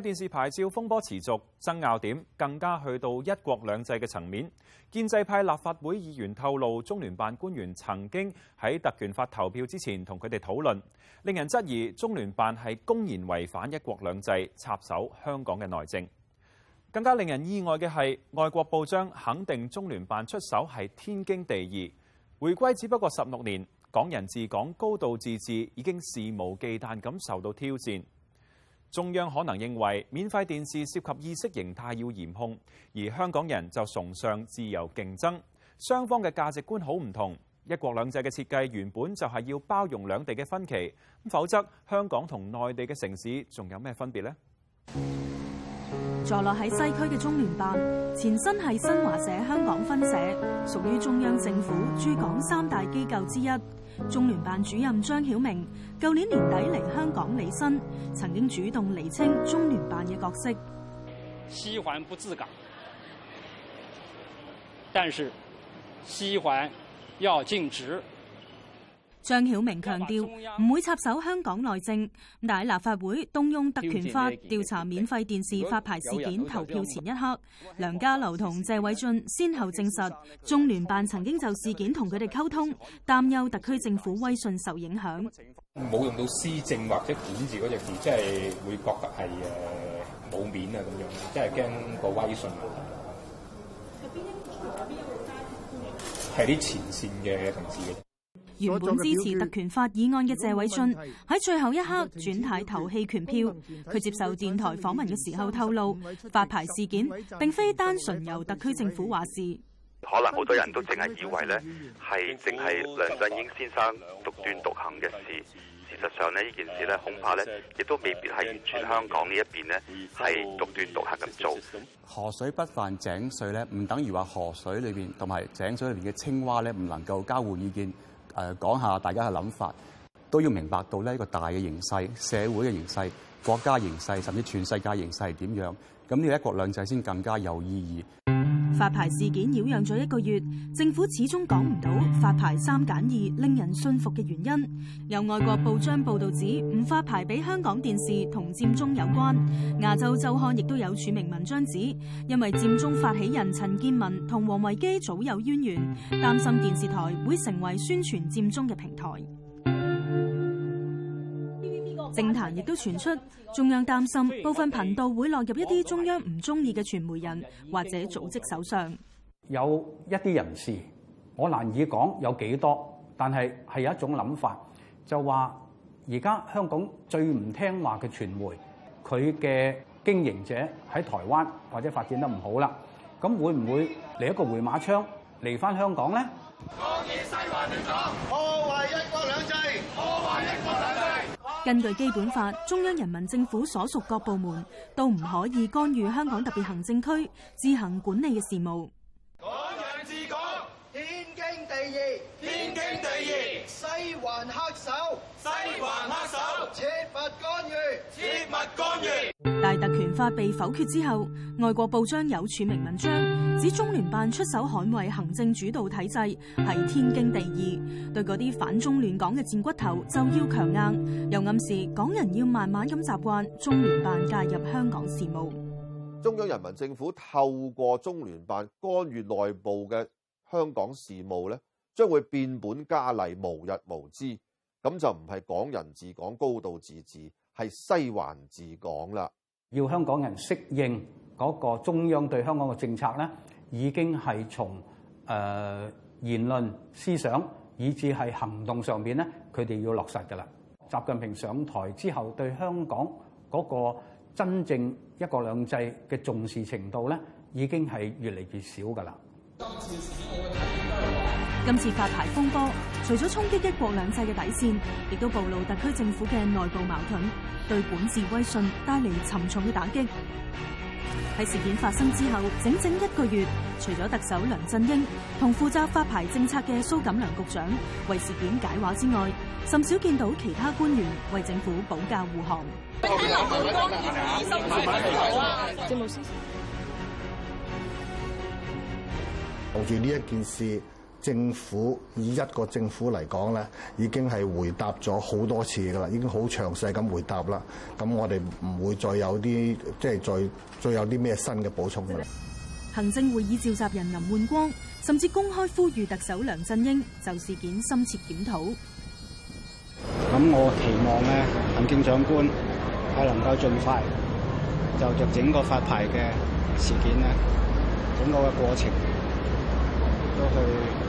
電視牌照風波持續，爭拗點更加去到一國兩制嘅層面。建制派立法會議員透露，中聯辦官員曾經喺特權法投票之前同佢哋討論，令人質疑中聯辦係公然違反一國兩制，插手香港嘅內政。更加令人意外嘅係，外國報章肯定中聯辦出手係天經地義。回歸只不過十六年，港人治港、高度自治已經肆無忌憚咁受到挑戰。中央可能認為免費電視涉及意識形態要嚴控，而香港人就崇尚自由競爭，雙方嘅價值觀好唔同。一國兩制嘅設計原本就係要包容兩地嘅分歧，否則香港同內地嘅城市仲有咩分別呢？坐落喺西區嘅中聯辦，前身係新華社香港分社，屬於中央政府駐港三大機構之一。中聯辦主任張曉明舊年年底嚟香港履新，曾經主動釐清中聯辦嘅角色。西環不治港，但是西環要盡職。張曉明強調唔會插手香港內政，但喺立法會動用特權法調查免費電視發牌事件投票前一刻，梁家騮同謝偉俊先後證實，中聯辦曾經就事件同佢哋溝通，擔憂特區政府威信受影響。冇用到施政或者管治嗰隻字，即係會覺得係誒冇面啊，咁樣，即係驚個威信係啲前綫嘅同事。原本支持特權法議案嘅謝偉俊喺最後一刻轉態投棄權票。佢接受電台訪問嘅時候透露，發牌事件並非單純由特區政府話事。可能好多人都淨係以為咧係淨係梁振英先生獨斷獨行嘅事。事實上咧，呢件事咧恐怕咧亦都未必係完全香港呢一邊咧係獨斷獨行咁做。河水不犯井水咧，唔等於話河水裏邊同埋井水，井水，水裏邊嘅青蛙咧，唔能夠交換意見。誒，呃，講下大家嘅諗法，都要明白到呢一個大嘅形勢，社會嘅形勢，國家形勢，甚至全世界形勢係點樣。咁呢一國兩制先更加有意義。發牌事件擾攘咗一個月，政府始終講唔到發牌三減二令人信服嘅原因。有外國報章報道指，唔發牌俾香港電視同佔中有關。亞洲周刊亦都有署名文章指，因為佔中發起人陳建文同王維基早有淵源，擔心電視台會成為宣傳佔中嘅平台。政壇亦都傳出，中央擔心部分頻道會落入一啲中央唔中意嘅傳媒人或者組織手上。有一啲人士，我難以講有幾多，但係係有一種諗法，就話而家香港最唔聽話嘅傳媒，佢嘅經營者喺台灣或者發展得唔好啦，咁會唔會嚟一個回馬槍嚟返香港呢？咧？根據基本法，中央人民政府所屬各部門都唔可以干預香港特別行政區自行管理嘅事務。港人治港，天經地義，天經地義。天經地義！西環黑手，西環黑手，切勿干預，切勿干預。特權法被否決之後，外國報章有署名文章指中聯辦出手捍衛行政主導體制係天經地義，對嗰啲反中亂港嘅賤骨頭就要強硬，又暗示港人要慢慢咁習慣中聯辦介入香港事務。中央人民政府透過中聯辦干預內部嘅香港事務咧，將會變本加厲，無日無之，咁就唔係港人治港、高度自治，治，係西環治港啦。要香港人適應嗰個中央對香港嘅政策咧，已經係從誒言論、思想以至係行動上邊咧，佢哋要落實噶啦。習近平上台之後，對香港嗰個真正一國兩制嘅重視程度咧，已經係越嚟越少噶啦。今次發牌風波，除咗衝擊一國兩制嘅底線，亦都暴露特區政府嘅內部矛盾，對管治威信帶嚟沉重嘅打擊。喺事件發生之後，整整一個月，除咗特首梁振英同負責發牌政策嘅蘇錦樑局長為事件解話之外，甚少見到其他官員為政府保駕護航。用住呢一件事。政府以一個政府嚟講咧，已經係回答咗好多次噶啦，已經好詳細咁回答啦。咁我哋唔會再有啲即係再再有啲咩新嘅補充噶啦。行政會議召集人林煥光甚至公開呼籲特首梁振英就事件深切檢討。咁我期望咧，行政長官係能夠盡快就着整個發牌嘅事件咧，整個嘅過程都去。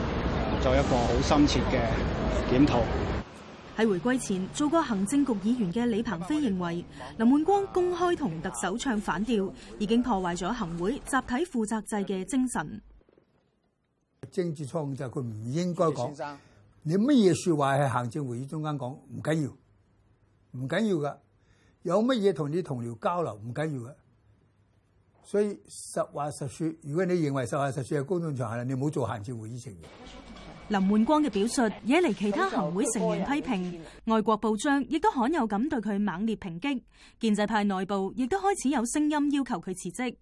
做一個好深切嘅檢討。喺回歸前做過行政局議員嘅李鵬飛認為，林煥光公開同特首唱反調，已經破壞咗行會集體負責制嘅精神。政治錯誤就係佢唔應該講。先生，你乜嘢說話喺行政會議中間講唔緊要，唔緊要㗎。有乜嘢同你同僚交流唔緊要嘅。所以實話實說，如果你認為實話實說係公眾場合，你唔好做行政會議成員。林煥光嘅表述惹嚟,其他行會成員批評，外國報章亦都罕有咁對佢猛烈抨擊，建制派內部亦都開始有聲音要求佢辭職。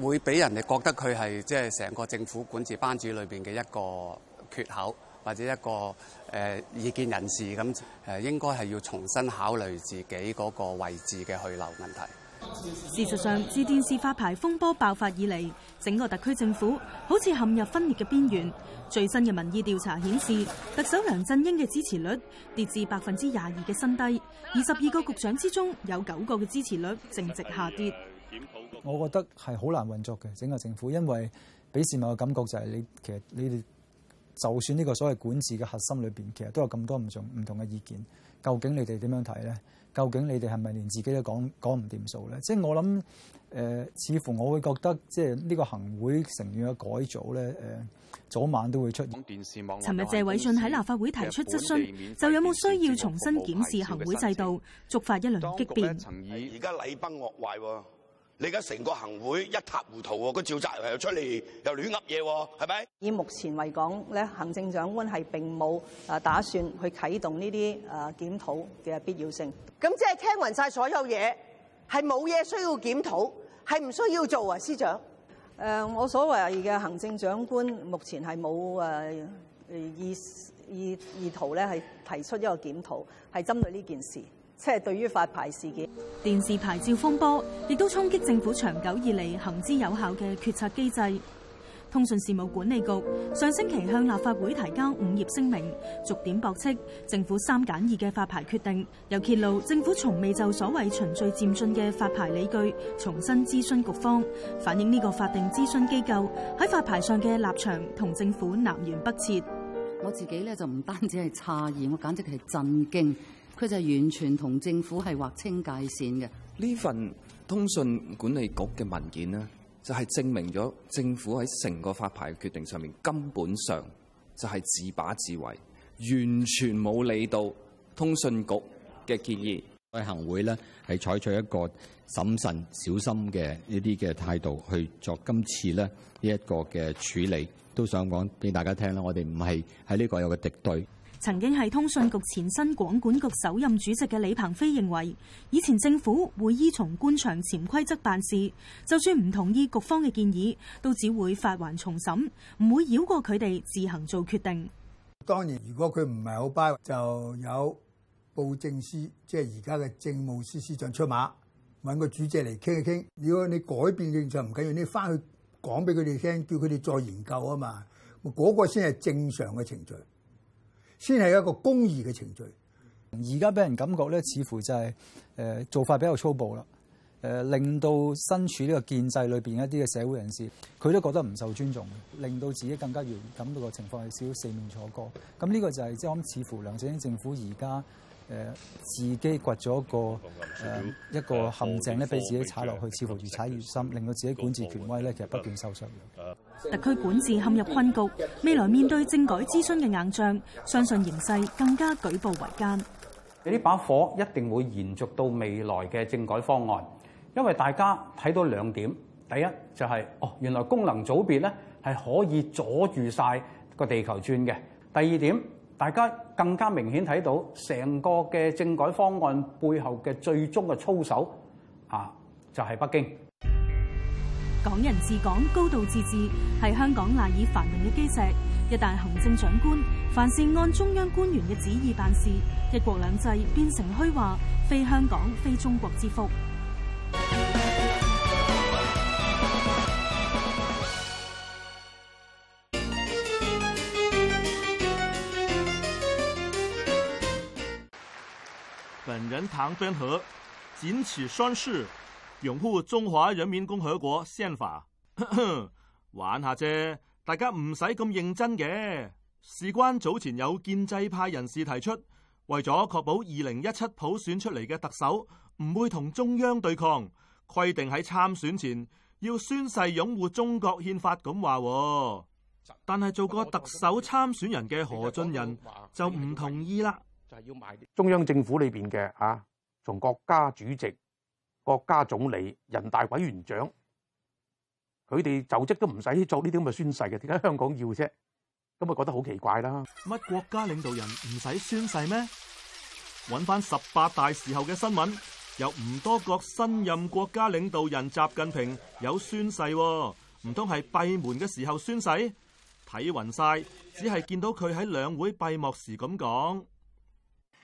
會俾人哋覺得佢係即係成個政府管治班子裏邊嘅一個缺口，或者一個誒意見人士咁誒，應該係要重新考慮自己嗰個位置嘅去留問題。事實上，自電視發牌風波爆發以嚟，整個特區政府好似陷入分裂嘅邊緣。最新嘅民意調查顯示，特首梁振英嘅支持率跌至百分之廿二嘅新低。二十二個局長之中，有九個嘅支持率正值下跌。我覺得係好難運作嘅整個政府，因為俾市民嘅感覺就係你其實你哋就算呢個所謂管治嘅核心裏邊，其實都有咁多唔同唔同嘅意見。究竟你哋點樣睇呢？究竟你哋係咪連自己都講講唔掂數咧？即係我諗，誒、呃、似乎我會覺得，即係呢個行會成員嘅改組咧，誒、呃、早晚都會出現。尋日謝偉俊喺立法會提出質詢，就有冇需要重新檢視行會制度，觸發一輪激辯。當局而家禮崩樂壞喎。你而家成個行會一塌糊塗喎、啊，個召集人又出嚟又亂噏嘢喎，係咪？以目前為講咧，行政長官係並冇誒打算去啟動呢啲誒檢討嘅必要性。咁即係聽勻晒所有嘢，係冇嘢需要檢討，係唔需要做啊，司長。誒、呃，我所謂嘅行政長官目前係冇誒意意意圖咧，係提出一個檢討，係針對呢件事。即係對於發牌事件，電視牌照風波亦都衝擊政府長久以嚟行之有效嘅決策機制。通訊事務管理局上星期向立法會提交五頁聲明，逐點駁斥政府三減二嘅發牌決定，又揭露政府從未就所謂循序漸進嘅發牌理據重新諮詢局方，反映呢個法定諮詢機構喺發牌上嘅立場同政府南轅北轍。我自己呢，就唔單止係詫異，我簡直係震驚。佢就完全同政府係劃清界線嘅。呢份通訊管理局嘅文件呢，就係證明咗政府喺成個發牌決定上面根本上就係自把自為，完全冇理到通訊局嘅建議。我哋行會呢，係採取一個審慎小心嘅呢啲嘅態度去作今次咧呢一個嘅處理，都想講俾大家聽啦。我哋唔係喺呢個有個敵對。曾經係通訊局前身廣管局首任主席嘅李鵬飛認為，以前政府會依從官場潛規則辦事，就算唔同意局方嘅建議，都只會發還重審，唔會繞過佢哋自行做決定。當然，如果佢唔係好乖，就有布政司，即係而家嘅政務司司長出馬，揾個主席嚟傾一傾。如果你改變正常唔緊要，你翻去講俾佢哋聽，叫佢哋再研究啊嘛，嗰個先係正常嘅程序。先係一個公義嘅程序，而家俾人感覺咧，似乎就係、是、誒、呃、做法比較粗暴啦，誒、呃、令到身處呢個建制裏邊一啲嘅社會人士，佢都覺得唔受尊重，令到自己更加要感到個情況係少少四面楚歌。咁、嗯、呢、嗯、個就係即係我諗，就是、似乎梁振英政府而家。誒、呃、自己掘咗一個誒、呃、一個陷阱咧，俾自己踩落去，似乎越踩越深，令到自己管治權威咧其實不斷受傷。特區管治陷入困局，未來面對政改諮詢嘅硬仗，相信形勢更加舉步維艱。呢把火一定會延續到未來嘅政改方案，因為大家睇到兩點：第一就係、是、哦，原來功能組別咧係可以阻住晒個地球轉嘅；第二點。大家更加明顯睇到成個嘅政改方案背後嘅最終嘅操守，就係北京。港人治港、高度自治係香港賴以繁榮嘅基石。一旦行政長官凡事按中央官員嘅旨意辦事，一國兩制變成虛話，非香港非中國之福。坦白河，堅持宣誓，擁護中華人民共和國憲法。 玩下啫，大家唔使咁認真嘅。事關早前有建制派人士提出，為咗確保二零一七普選出嚟嘅特首唔會同中央對抗，規定喺參選前要宣誓擁護中國憲法咁話。但係做過特首參選人嘅何俊仁就唔同意啦。就係要買中央政府裏邊嘅啊，從國家主席、國家總理、人大委員長，佢哋就職都唔使做呢啲咁嘅宣誓嘅，點解香港要啫？咁啊，覺得好奇怪啦！乜國家領導人唔使宣誓咩？搵返十八大時候嘅新聞，有唔多個新任國家領導人習近平有宣誓，唔通係閉門嘅時候宣誓？睇暈晒，只係見到佢喺兩會閉幕時咁講。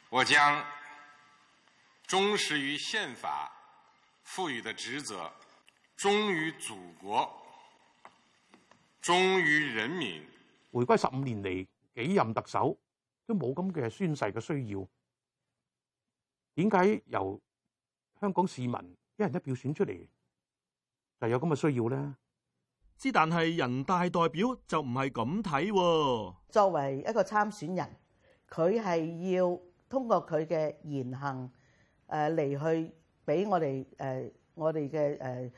我將忠實於憲法賦予嘅職責，忠於祖國，忠於人民。回歸十五年嚟幾任特首都冇咁嘅宣誓嘅需要，點解由香港市民一人一票選出嚟就有咁嘅需要咧？之但係人大代表就唔係咁睇喎。作為一個參選人，佢係要。通過佢嘅言行，誒、呃、嚟去俾我哋、呃、我哋嘅、呃、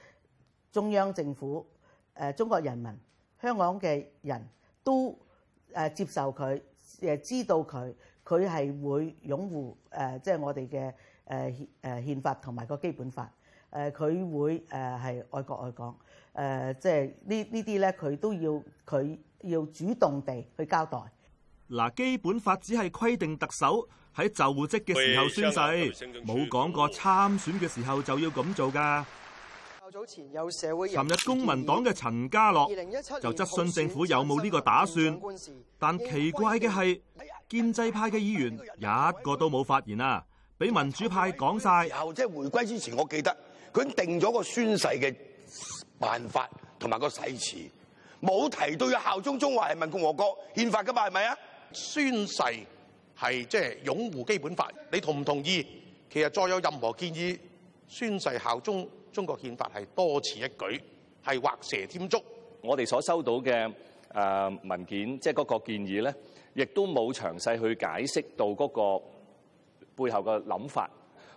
中央政府誒、呃、中國人民香港嘅人都誒、呃、接受佢，誒知道佢佢係會擁護誒即係我哋嘅誒誒憲法同埋個基本法誒佢、呃、會誒係、呃、愛國愛港誒即係呢呢啲咧佢都要佢要主動地去交代。嗱基本法只係規定特首。喺就職嘅時候宣誓，冇講過參選嘅時候就要咁做噶。尋日公民黨嘅陳家洛就質詢政府有冇呢個打算，但奇怪嘅係建制派嘅議員一個都冇發言啊，俾民主派講晒。後即係回歸之前，我記得佢定咗個宣誓嘅辦法同埋個誓詞，冇提到要效忠中華人民共和國憲法噶嘛，係咪啊？宣誓。係即係擁護基本法，你同唔同意？其實再有任何建議宣誓效忠中國憲法係多此一舉，係畫蛇添足。我哋所收到嘅、呃、文件，即係嗰個建議咧，亦都冇詳細去解釋到嗰個背後嘅諗法。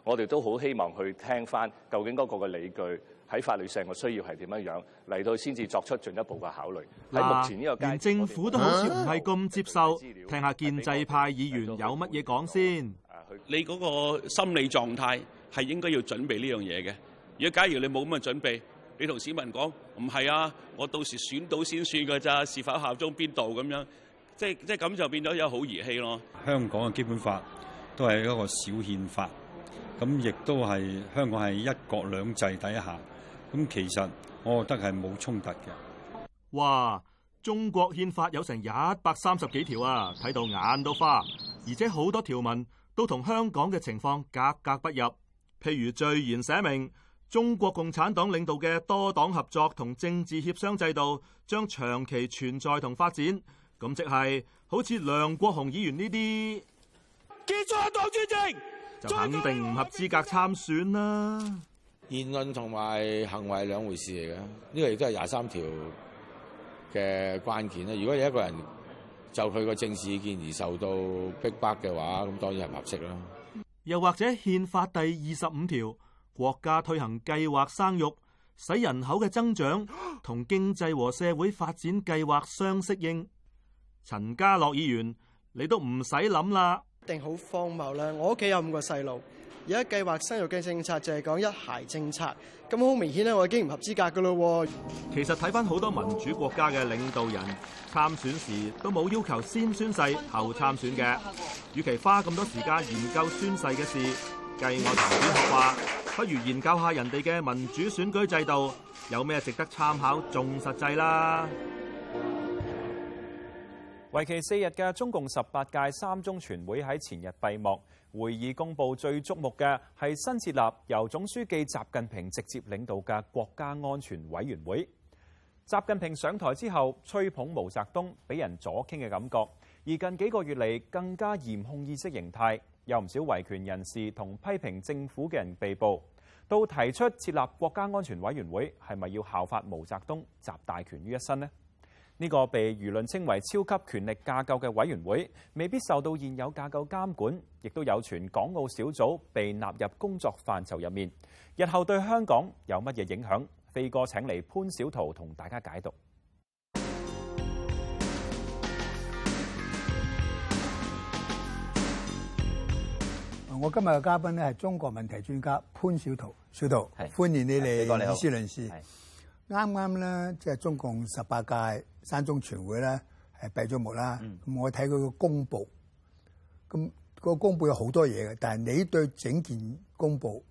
我哋都好希望去聽返究竟嗰個嘅理據。喺法律上嘅需要係點樣樣嚟到先至作出進一步嘅考慮，喺目前呢個階段，連政府都好似唔係咁接受。啊，聽下建制派議員有乜嘢講先。你嗰個心理狀態係應該要準備呢樣嘢嘅。如果假如你冇咁嘅準備，你同市民講，唔係啊，我到時選到先算㗎咋，是否效忠邊度咁樣，即係即係咁就變咗有好兒戲咯。香港嘅基本法都係一個小憲法，咁亦都係香港係一國兩制底下。咁其實我覺得係冇衝突嘅。哇！中國憲法有成一百三十幾條啊，睇到眼都花，而且好多條文都同香港嘅情況格格不入。譬如序言寫明，中國共產黨領導嘅多黨合作同政治協商制度將長期存在同發展。咁即係好似梁國雄議員呢啲，結束黨專政，就肯定唔合資格參選啦。言論同埋行為係兩回事嚟嘅，呢個亦都係廿三條嘅關鍵啦。如果有一個人就佢個政治意見而受到逼迫嘅話，咁當然係唔合適啦。又或者憲法第二十五條，國家推行計劃生育，使人口嘅增長同經濟和社會發展計劃相適應。陳家洛議員，你都唔使諗啦，一定好荒謬啦！我屋企有五個細路。而家計劃生育嘅政策就係講一孩政策，咁好明顯咧，我已經唔合資格噶咯。其實睇翻好多民主國家嘅領導人參選時，都冇要求先宣誓後參選嘅。與其花咁多時間研究宣誓嘅事，據我同學話，不如研究下人哋嘅民主選舉制度有咩值得參考，仲實際啦。為期四日嘅中共十八屆三中全會喺前日閉幕，會議公布最矚目嘅係新設立由總書記習近平直接領導嘅國家安全委員會。習近平上台之後，吹捧毛澤東俾人左傾嘅感覺，而近幾個月嚟更加嚴控意識形態，有唔少維權人士同批評政府嘅人被捕。到提出設立國家安全委員會係咪要效法毛澤東集大權於一身呢？呢個被輿論稱為超級權力架構嘅委員會，未必受到現有架構監管，亦都有傳港澳小組被納入工作範疇入面。日後對香港有乜嘢影響？飛哥請嚟潘小濤同大家解讀。我今日嘅嘉賓咧，係中國問題專家潘小濤，小濤，是歡迎你哋議事論事。啱啱呢，即係是、就是、中共十八屆。三中全會咧，係閉咗幕啦。咁、嗯、我睇佢個公佈，咁個公佈有好多嘢嘅。但係你對整件公佈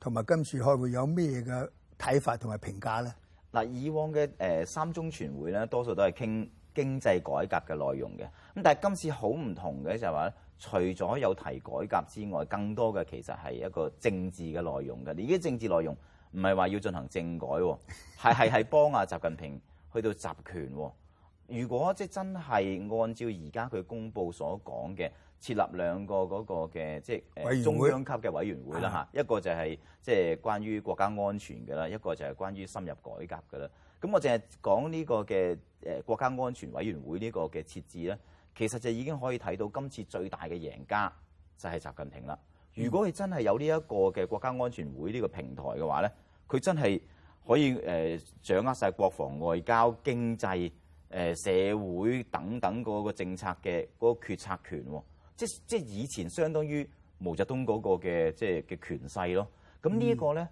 同埋今次開會有咩嘅睇法同埋評價咧？嗱，以往嘅誒三中全會咧，多數都係傾經濟改革嘅內容嘅。咁但係今次好唔同嘅就係話，除咗有提改革之外，更多嘅其實係一個政治嘅內容嘅。呢啲政治內容唔係話要進行政改，係係係幫阿習近平。 去到集權，如果即真係按照而家佢公布所講嘅設立兩個嗰個嘅即係中央級嘅委員會啦吓，一個就係即係關於國家安全嘅啦，一個就係關於深入改革嘅啦。咁我淨係講呢個嘅誒國家安全委員會呢個嘅設置咧，其實就已經可以睇到今次最大嘅贏家就係習近平啦。如果佢真係有呢一個嘅國家安全會呢個平台嘅話咧，佢真係。可以誒掌握晒國防、外交、經濟、誒社會等等嗰個政策嘅嗰個決策權喎，即即以前相當於毛澤東嗰個嘅即嘅權勢咯。咁呢一個咧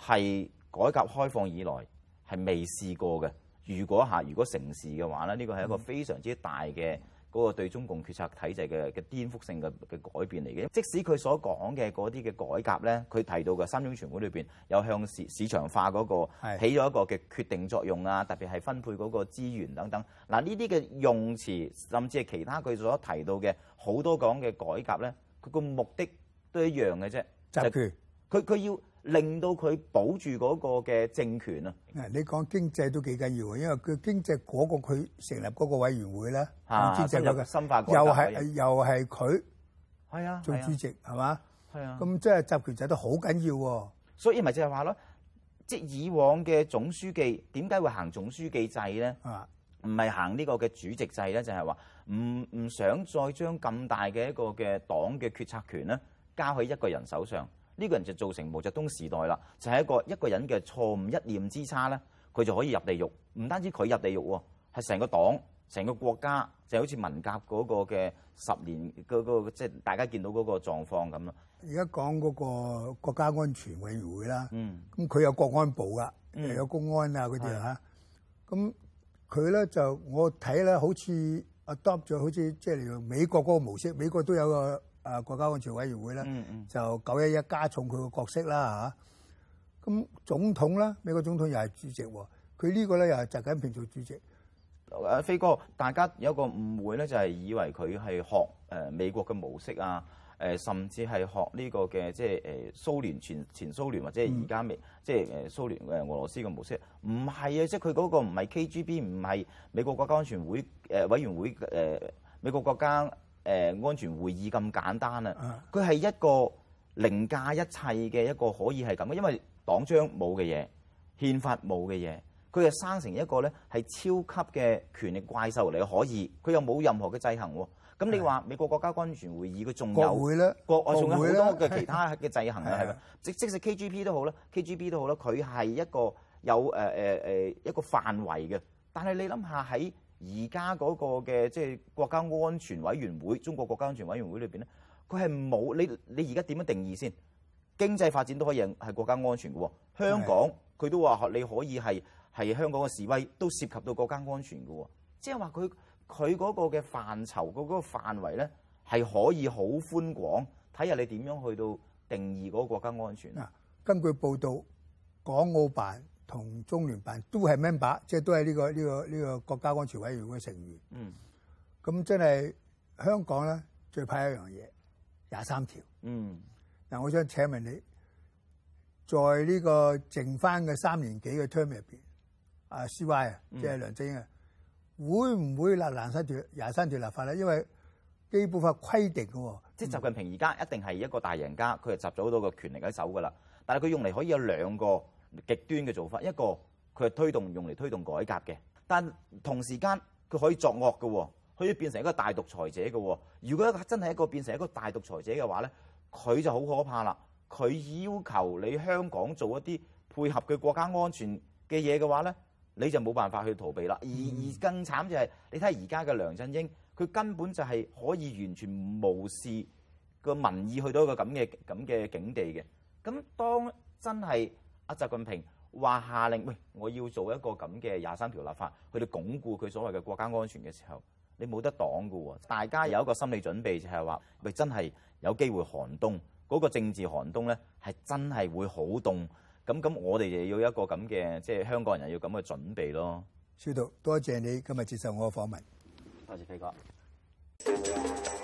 係改革開放以來係未試過嘅。如果嚇如果成事嘅話咧，呢個係一個非常之大嘅。嗰個對中共決策體制嘅嘅顛覆性嘅嘅改變嚟嘅，即使佢所講嘅嗰啲嘅改革咧，佢提到嘅三中全會裏邊有向市市場化嗰個起咗一個嘅決定作用啊，特別係分配嗰個資源等等。嗱呢啲嘅用詞，甚至係其他佢所提到嘅好多講嘅改革咧，佢個目的都是一樣嘅啫，就係佢佢要。令到佢保住嗰個嘅政權啊！你講經濟都幾緊要啊，因為佢經濟嗰個佢成立嗰個委員會咧，主席有又係又係佢，係啊，做主席係嘛？係啊，咁即係集權制都好緊要喎。所以咪就係話咯，即以往嘅總書記點解會行總書記制咧？唔係、啊、行呢個嘅主席制咧，就係話唔唔想再將咁大嘅一個嘅黨嘅決策權咧，交喺一個人手上。呢個人就造成毛澤東時代啦，就係、是、一個一個人嘅錯誤一念之差咧，佢就可以入地獄。唔單止佢入地獄喎，係成個黨、成個國家，就好似文革嗰個嘅十年嗰，即係大家見到嗰個狀況咁咯。而家講嗰個國家安全委員會啦，咁佢有國安部啊，又有公安啊嗰啲嚇。咁佢咧就我睇咧，好似 adopt 咗，好似即係美國嗰個模式，美國都有個。啊，國家安全委員會咧，嗯嗯就九一一加重佢個角色啦嚇。咁、嗯嗯啊、總統啦，美國總統又係主席喎，佢呢個咧又係習近平做主席。阿飛哥，大家有個誤會咧，就係、是、以為佢係學誒美國嘅模式啊，誒、啊、甚至係學呢個嘅即係誒蘇聯前前蘇聯或者而家未即係誒蘇聯誒俄羅斯嘅模式，唔係啊，即係佢嗰個唔係 KGB，唔係美國國家安全會誒、呃、委員會誒、呃、美國國家。誒安全會議咁簡單啊！佢係一個凌駕一切嘅一個可以係咁嘅，因為黨章冇嘅嘢，憲法冇嘅嘢，佢就生成一個咧係超級嘅權力怪獸嚟嘅，可以佢又冇任何嘅制衡喎。咁你話美國國家安全會議佢仲有國外仲國有好多嘅其他嘅制衡啊，係即即使 KGP 都好啦，KGP 都好啦，佢係一個有誒誒誒一個範圍嘅，但係你諗下喺。而家嗰個嘅即係國家安全委員會中國國家安全委員會裏邊咧，佢係冇你你而家點樣定義先？經濟發展都可以係國家安全嘅香港佢是的 都話你可以係係香港嘅示威都涉及到國家安全嘅即係話，佢佢嗰個嘅範疇個個範圍咧係可以好寬廣睇下你點樣去到定義嗰個國家安全。啊，根據報道，港澳辦。同中聯辦都係 member，即係都係呢、這個呢、這個呢、這個國家安全委員會成員。嗯。咁真係香港咧最怕一樣嘢廿三條。嗯。嗱，我想請問你，在呢個剩翻嘅三年幾嘅 term 入邊，阿 CY 啊，即係、嗯、梁振英啊，會唔會立難生斷廿三條立法咧？因為基本法規定嘅喎。即係習近平而家一定係一個大贏家，佢又集咗好多個權力喺手噶啦，但係佢用嚟可以有兩個，極端嘅做法，一個佢係推動用嚟推動改革嘅，但同時間佢可以作惡嘅，可以變成一個大獨裁者嘅。如果一個真係一個變成一個大獨裁者嘅話咧，佢就好可怕啦。佢要求你香港做一啲配合佢國家安全嘅嘢嘅話咧，你就冇辦法去逃避啦。而、嗯、而更慘就係、是、你睇下而家嘅梁振英，佢根本就係可以完全無視個民意去到一個咁嘅咁嘅境地嘅。咁當真係。阿習近平話下令喂，我要做一個咁嘅廿三條立法，佢哋鞏固佢所謂嘅國家安全嘅時候，你冇得擋噶喎。大家有一個心理準備就係話，咪真係有機會寒冬，嗰個政治寒冬咧，係真係會好凍咁。咁我哋要一個咁嘅即係，香港人要咁嘅準備咯。書讀，多謝你今日接受我嘅訪問。多謝飛哥。